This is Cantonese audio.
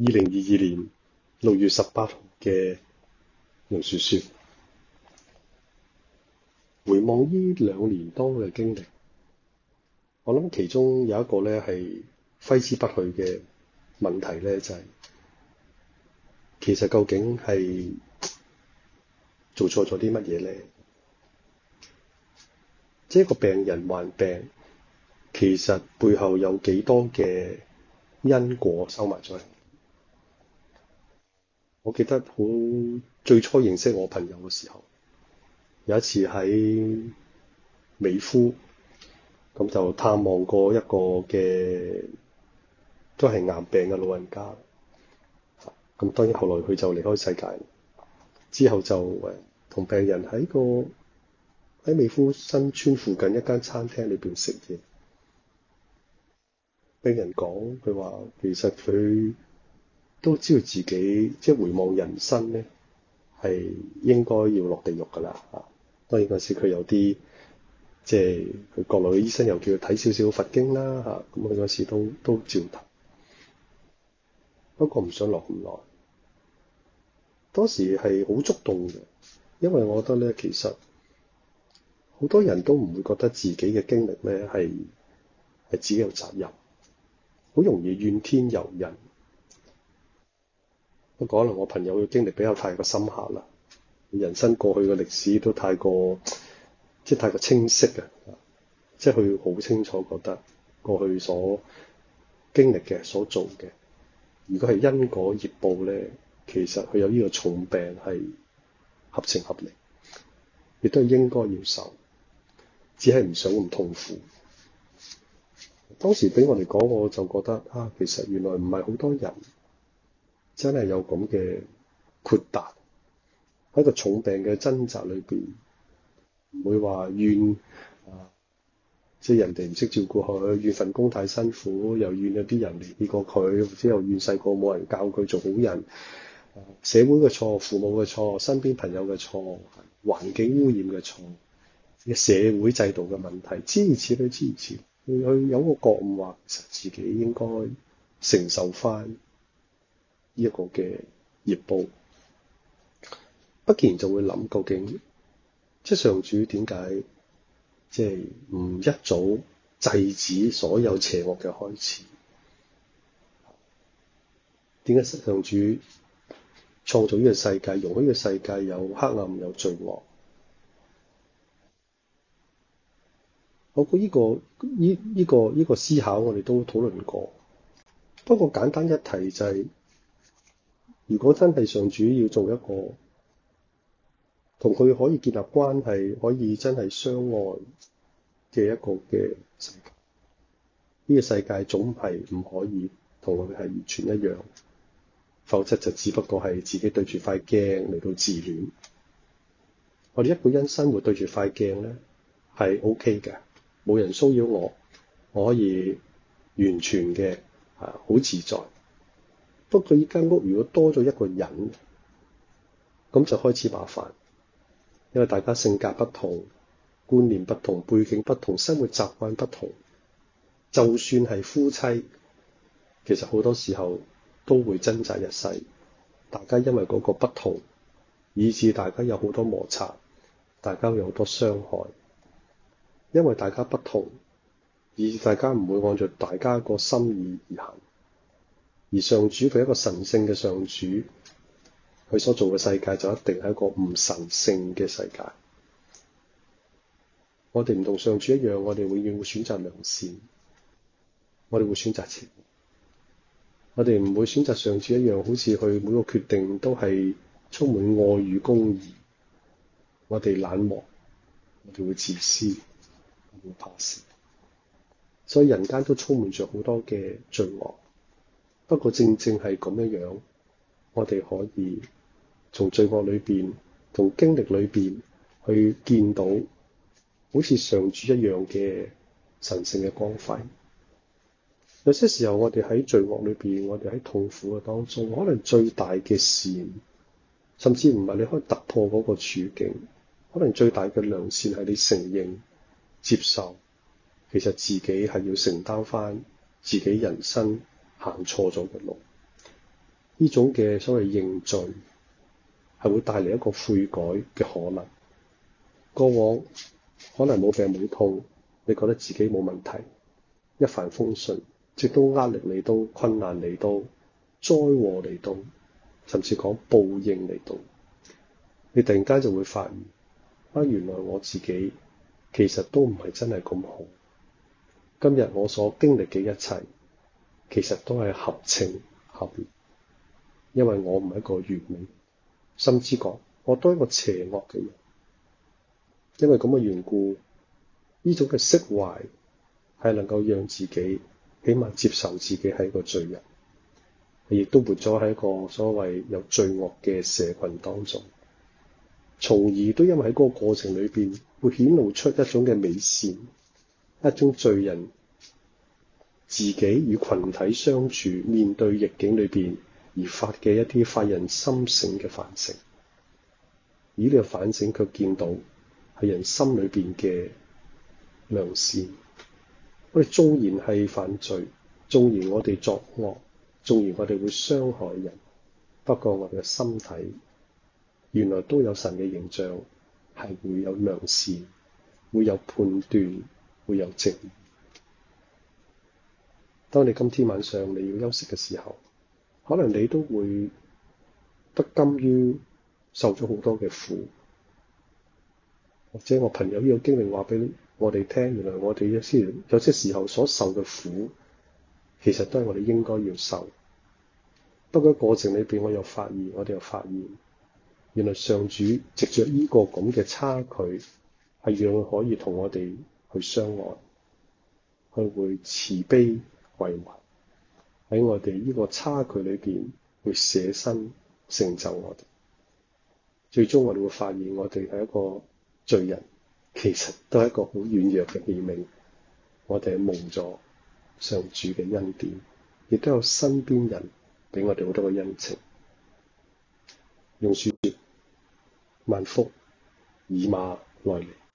二零二二年六月十八號嘅龍雪雪。回望呢兩年多嘅經歷，我諗其中有一個咧，係揮之不去嘅問題咧、就是，就係其實究竟係做錯咗啲乜嘢咧？即係個病人患病，其實背後有幾多嘅因果收埋咗？我記得好最初認識我朋友嘅時候，有一次喺美孚，咁就探望過一個嘅都係癌病嘅老人家。咁當然後來佢就離開世界。之後就誒同病人喺個喺美孚新村附近一間餐廳裏邊食嘢。病人講佢話其實佢。都知道自己即係回望人生咧，係應該要落地獄噶啦嚇。當然嗰時佢有啲即係佢國內嘅醫生又叫佢睇少少佛經啦嚇，咁佢嗰時都都照睇。不過唔想落咁耐。當時係好觸動嘅，因為我覺得咧，其實好多人都唔會覺得自己嘅經歷咧係係自己有責任，好容易怨天尤人。不過可能我朋友嘅經歷比較太過深刻啦，人生過去嘅歷史都太過即係太過清晰啊！即係佢好清楚覺得過去所經歷嘅、所做嘅，如果係因果業報咧，其實佢有呢個重病係合情合理，亦都係應該要受，只係唔想咁痛苦。當時俾我哋講，我就覺得啊，其實原來唔係好多人。真係有咁嘅豁達，喺個重病嘅掙扎裏邊，唔會話怨啊，即係人哋唔識照顧佢，怨份工太辛苦，又怨有啲人嚟過佢，或者又怨細個冇人教佢做好人，呃、社會嘅錯、父母嘅錯、身邊朋友嘅錯、環境污染嘅錯、社會制度嘅問題，諸如此類諸如此類，佢有個覺悟話自己應該承受翻。呢一個嘅熱報，不自然就會諗，究竟即係上主點解即係唔一早制止所有邪惡嘅開始？點解上主創造呢個世界，容許呢個世界有黑暗、有罪惡？我估、呢、呢個呢呢、呢個呢、呢個思考，我哋都討論過。不過簡單一提就係、是。如果真係上主要做一個同佢可以建立關係，可以真係相愛嘅一個嘅世界，呢個世界總係唔可以同佢係完全一樣，否則就只不過係自己對住塊鏡嚟到自戀。我哋一個人生活對住塊鏡咧係 OK 嘅，冇人騷擾我，我可以完全嘅啊好自在。不過，依間屋如果多咗一個人，咁就開始麻煩，因為大家性格不同、觀念不同、背景不同、生活習慣不同。就算係夫妻，其實好多時候都會掙扎一世。大家因為嗰個不同，以致大家有好多摩擦，大家有好多傷害。因為大家不同，以致大家唔會按照大家個心意而行。而上主佢一個神聖嘅上主，佢所做嘅世界就一定係一個唔神聖嘅世界。我哋唔同上主一樣，我哋永遠會選擇良善，我哋會選擇善。我哋唔會選擇上主一樣，好似佢每個決定都係充滿愛與公義。我哋冷漠，我哋會自私，我哋會怕事，所以人間都充滿着好多嘅罪惡。不過，正正係咁樣樣，我哋可以從罪惡裏邊、同經歷裏邊去見到好似上主一樣嘅神聖嘅光輝。有些時候，我哋喺罪惡裏邊，我哋喺痛苦嘅當中，可能最大嘅善，甚至唔係你可以突破嗰個處境，可能最大嘅良善係你承認、接受，其實自己係要承擔翻自己人生。行錯咗嘅路，呢種嘅所謂認罪，係會帶嚟一個悔改嘅可能。過往可能冇病冇痛，你覺得自己冇問題，一帆風順，直到壓力嚟到、困難嚟到、災禍嚟到，甚至講報應嚟到，你突然間就會發現，啊，原來我自己其實都唔係真係咁好。今日我所經歷嘅一切，其實都係合情合理，因為我唔係一個完美，甚至講我都係一個邪惡嘅人。因為咁嘅緣故，呢種嘅釋懷係能夠讓自己起碼接受自己係一個罪人，亦都活咗喺一個所謂有罪惡嘅社群當中，從而都因為喺嗰個過程裏邊會顯露出一種嘅美善，一種罪人。自己與群體相處，面對逆境裏邊而發嘅一啲發人深省嘅反省，而呢個反省卻見到係人心裏邊嘅良善。我哋縱然係犯罪，縱然我哋作惡，縱然我哋會傷害人，不過我哋嘅身體原來都有神嘅形象，係會有良善，會有判斷，會有正義。當你今天晚上你要休息嘅時候，可能你都會不甘於受咗好多嘅苦，或者我朋友有經歷話俾我哋聽，原來我哋有時有些時候所受嘅苦，其實都係我哋應該要受。不過過程裏邊，我又發現，我哋又發現，原來上主藉着呢個咁嘅差距，係讓佢可以同我哋去相愛，佢會慈悲。為云喺我哋呢個差距裏邊會捨身成就我哋。最終我哋會發現我哋係一個罪人，其實都係一個好軟弱嘅器皿。我哋係蒙助上主嘅恩典，亦都有身邊人俾我哋好多嘅恩情。用書說萬福以馬內利。